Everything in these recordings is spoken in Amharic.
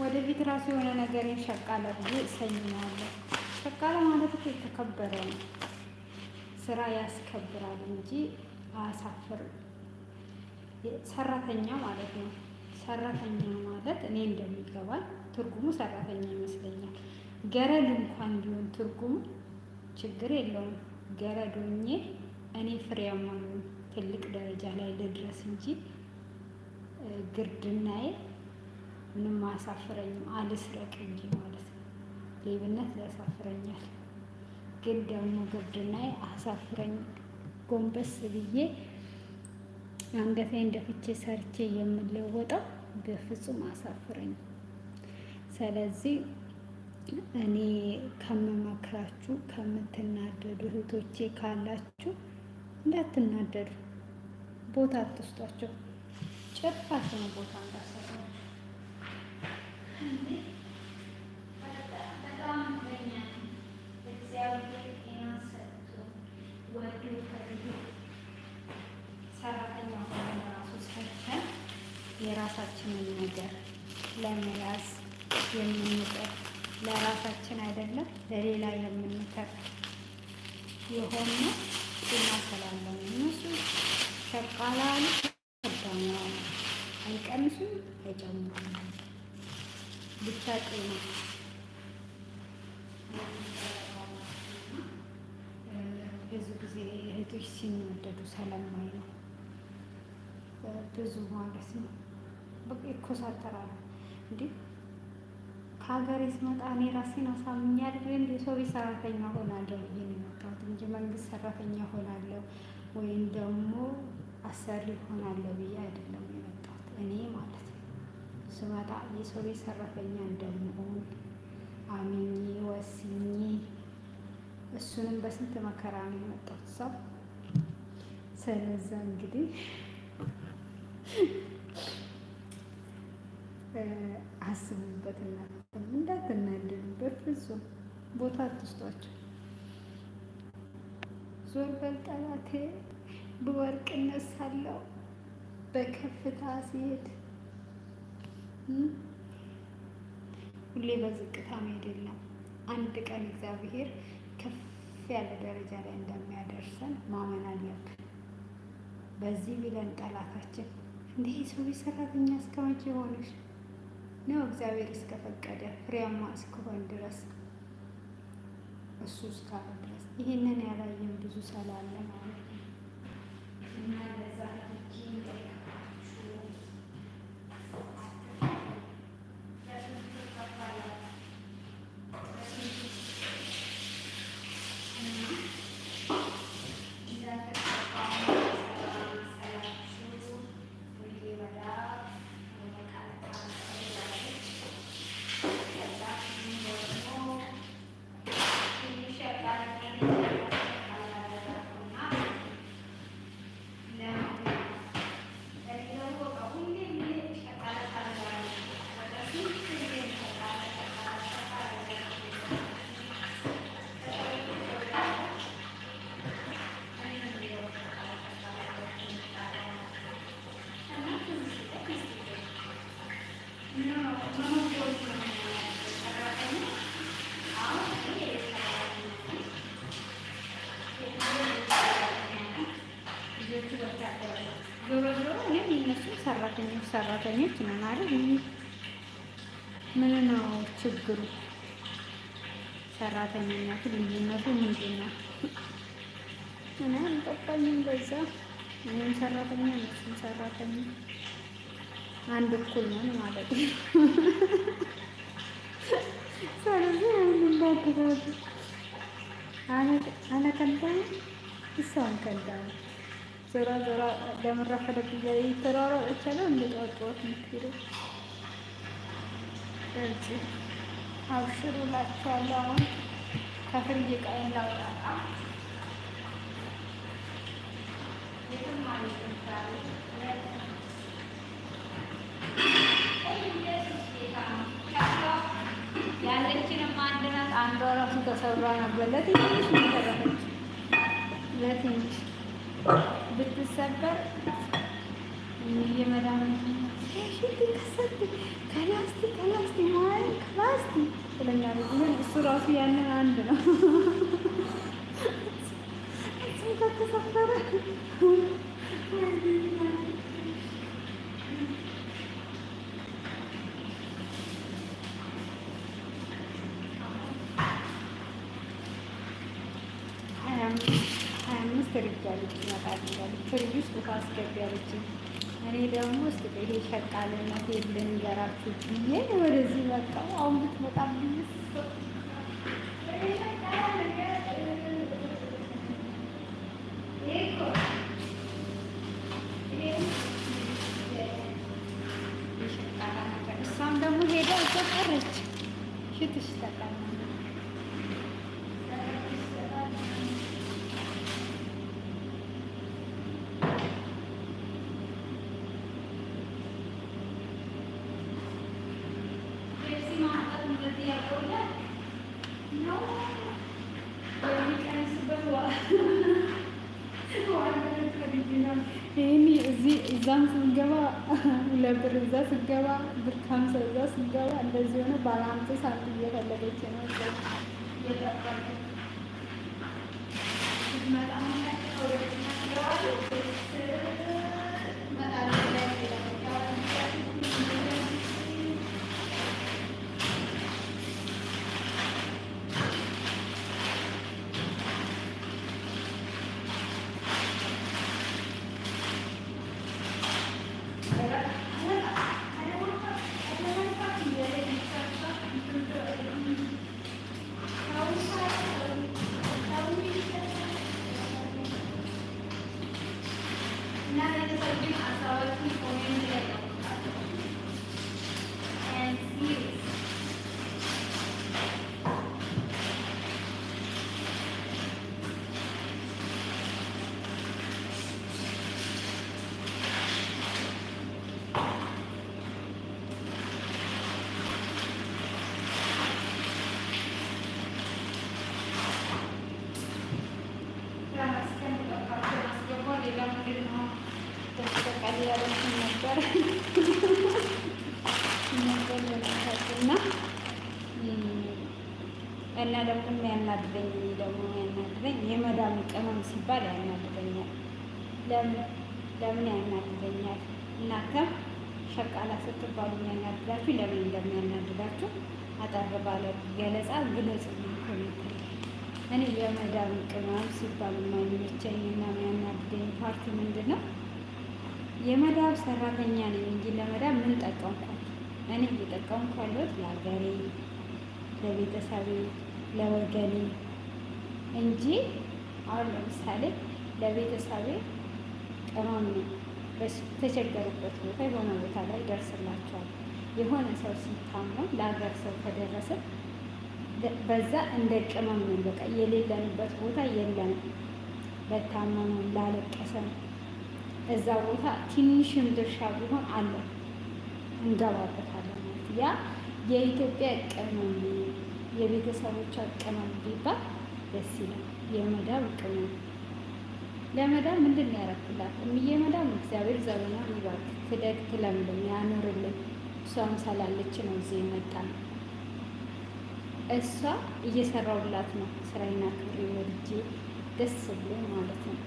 ወደፊት ራሱ የሆነ ነገርን ሸቃለ ብዬ እሰይመዋለሁ። ሸቃለ ማለት የተከበረ ነው። ስራ ያስከብራል እንጂ አያሳፍርም። ሰራተኛ ማለት ነው። ሰራተኛ ማለት እኔ እንደሚገባል ትርጉሙ ሰራተኛ ይመስለኛል። ገረድ እንኳን ቢሆን ትርጉሙ ችግር የለውም። ገረድ እኔ ፍሬያማ ትልቅ ደረጃ ላይ ልድረስ እንጂ ግርድናዬ ምንም አያሳፍረኝም፣ አልስረቅ እንጂ ማለት ነው። ሌብነት ያሳፍረኛል፣ ግን ደግሞ ግብድናዬ አሳፍረኝ። ጎንበስ ብዬ አንገቴ እንደፍቼ ሰርቼ የምለወጠው በፍጹም አሳፍረኝ። ስለዚህ እኔ ከምመክራችሁ ከምትናደዱ እህቶቼ ካላችሁ እንዳትናደዱ፣ ቦታ አትስጧቸው። ጭራሽ ነው ቦታ እንዳሰ የራሳችንን ነገር ለመያዝ የምንጠር ለራሳችን አይደለም ለሌላ የምንተር የሆነ ጤና እነሱ ሸቃላሉ ከዳማ አይቀንሱም አይጨምሩም። ብቻ ነው። ብዙ ጊዜ እህቶች ሲናደዱ ሰለማይ ነው ብዙ ማለት ነው። በቃ ይኮሳተራሉ። እንዲህ ከሀገሬ ስመጣ እኔ ራሴን አሳምኛ አይደል እንደ ሰው ቤት ሰራተኛ ሆናለሁ ብዬ የመጣሁት እንጂ መንግስት ሰራተኛ ሆናለሁ ወይም ደግሞ አሰሪ ሆናለሁ ብዬ አይደለም የመጣሁት እኔ ማለት ነው። ስመጣ የሰው ቤት ሰራተኛ እንደምሆን አምኜ ወስኜ እሱንም በስንት መከራ ነው የመጣሁት ሰው። ስለዛ እንግዲህ አስቡበት አስቡበትና እንዳትናደዱበት፣ ብዙ ቦታ አትስጧቸው። ዞር በል ጠላቴ፣ በወርቅ እነሳለሁ በከፍታ ሲሄድ ሁሌ በዝቅታ አይደለም። አንድ ቀን እግዚአብሔር ከፍ ያለ ደረጃ ላይ እንደሚያደርሰን ማመን አለብን። በዚህ ቢለን ጠላታችን እንዴ ሰው ሰራተኛ እስከመቼ ሆነሽ ነው? እግዚአብሔር እስከፈቀደ ፍሬያማ እስከሆን ድረስ እሱ እስካለ ድረስ ይህንን ያላየን ብዙ ሰላለ ማለት ነው እና ሰራተኞች ሰራተኞች ነን አይደል? ምን ነው ችግሩ? ሰራተኝነቱ ልዩነቱ ምንድን ነው? በዛ እኔም ሰራተኛ ነች ሰራተኛ አንድ እኩል ነን ማለት ነው። ስለዚህ አሁን እንዳትረዱ። አነ ከንዳኝ እሷን ከንዳኝ ዞራ ዞራ ለምረፈለግ ተሯሯ እቻለው እንደጠወጥወት ምትሄደ እዚህ አብሽሩ ላችኋለሁ። አሁን ከፍል እየቃይ ላውጣ የትም አንዷ ራሱ ተሰብራ ነበር። ለትንሽ ተረፈች። ለትንሽ ብትሰበር እየመዳመት ከላስቲ ከላስቲ ማለት ከላስቲ ስለሚያደርጉ ግን እሱ ራሱ ያንን አንድ ነው ከተሰበረ እያለች ይመጣል ፍሪጅ ውስጥ ውሃ አስገቢ አለችኝ። እኔ ደግሞ እስኪ ይሄ የለን ይገራችሁ ብዬ ወደዚህ መጣሁ። አሁን ብትመጣም ልዩስ እሷም ደግሞ ሄዳ እዛ ቀረች ሽትሽ ይህኒ እዚህ እዛም ስንገባ ለብር እዛ ስገባ ብር ከሀምሳ እዛ ስገባ እንደዚህ ሆነ። ባለ ሀምሳ ሳንት እየፈለገች ነው እየጠበቀ পনির ነበር እና እና ደግሞ ያናድደኝ ደግሞ ያናድደኝ የመዳም ቅመም ሲባል ያናድደኛል። ለምን ያናድደኛል? እናንተም ሸቃላ ስትባሉ ያናድዳችሁ ለምን እንደሚያናድዳችሁ አጠር ባለ ገለጻ ግለጽ እኔ የመዳም ቅመም ሲባል ማይመቸኝና የሚያናድደኝ ፓርቲ ምንድን ነው? የመዳብ ሰራተኛ ነኝ እንጂ ለመዳብ ምን ጠቀምኳል? እኔ እየጠቀምኩ ያለሁት ለሀገሬ፣ ለቤተሰቤ፣ ለወገኔ እንጂ አሁን ለምሳሌ ለቤተሰቤ ቅመም ነው። በተቸገሩበት ቦታ የሆነ ቦታ ላይ ደርስላቸዋል የሆነ ሰው ሲታመም ለሀገር ሰው ከደረሰ በዛ እንደ ቅመም ነው። በቃ የሌለንበት ቦታ የለንም። ለታመመም ላለቀሰም እዛ ቦታ ትንሽም ድርሻ ቢሆን አለ እንገባበታለን ማለት ያ የኢትዮጵያ ቅመም የቤተሰቦቿ ቅመም ቢባል ደስ ይላል። የመዳብ ቅመም ለመዳብ ምንድን ነው ያደረኩላት? እምዬ መዳብ እግዚአብሔር ዘበና ይባል ትደግ ትለምልም ያኑርልን። እሷም ሰላለች ነው እዚህ የመጣ ነው። እሷ እየሰራውላት ነው ስራዬን አክብሬ ወድጄ ደስ ብሎ ማለት ነው።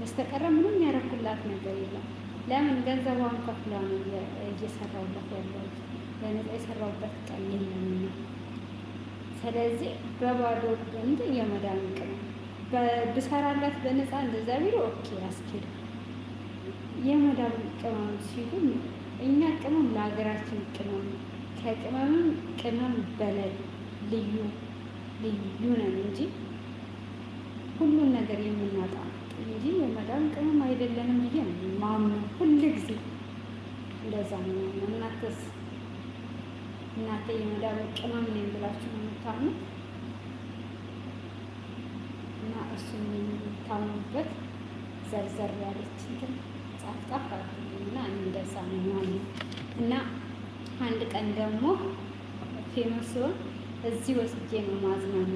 በስተቀረ ምንም ያደረኩላት ነገር የለም። ለምን ገንዘቧን ከፍላ ነው እየሰራሁላት ያለሁት፣ በነፃ የሰራሁበት ቀን የለምና። ስለዚህ በባዶ ገንድ የመዳን ቅም ብሰራላት በነፃ እንደዛ ቢሮ ኦኬ አስኬድ የመዳን ቅመም ሲሉ እኛ ቅመም ለሀገራችን ቅመም ከቅመምም ቅመም በላይ ልዩ ልዩ ነን እንጂ ሁሉን ነገር የምናጣ እንጂ የመዳም ቅመም አይደለንም ብዬ ማምኑ። ሁሉ ጊዜ እንደዛ ነው። እናንተስ እናንተ የመዳም ቅመም ነኝ ብላችሁ ነው የምታምኑ እና እሱን የምታምኑበት ዘርዘር ያለች እንትን ጻፍጣፍ እና እንደዛ ነው ማለት እና አንድ ቀን ደግሞ ፌመስ ሲሆን እዚህ ወስጄ ነው ማዝናኑ።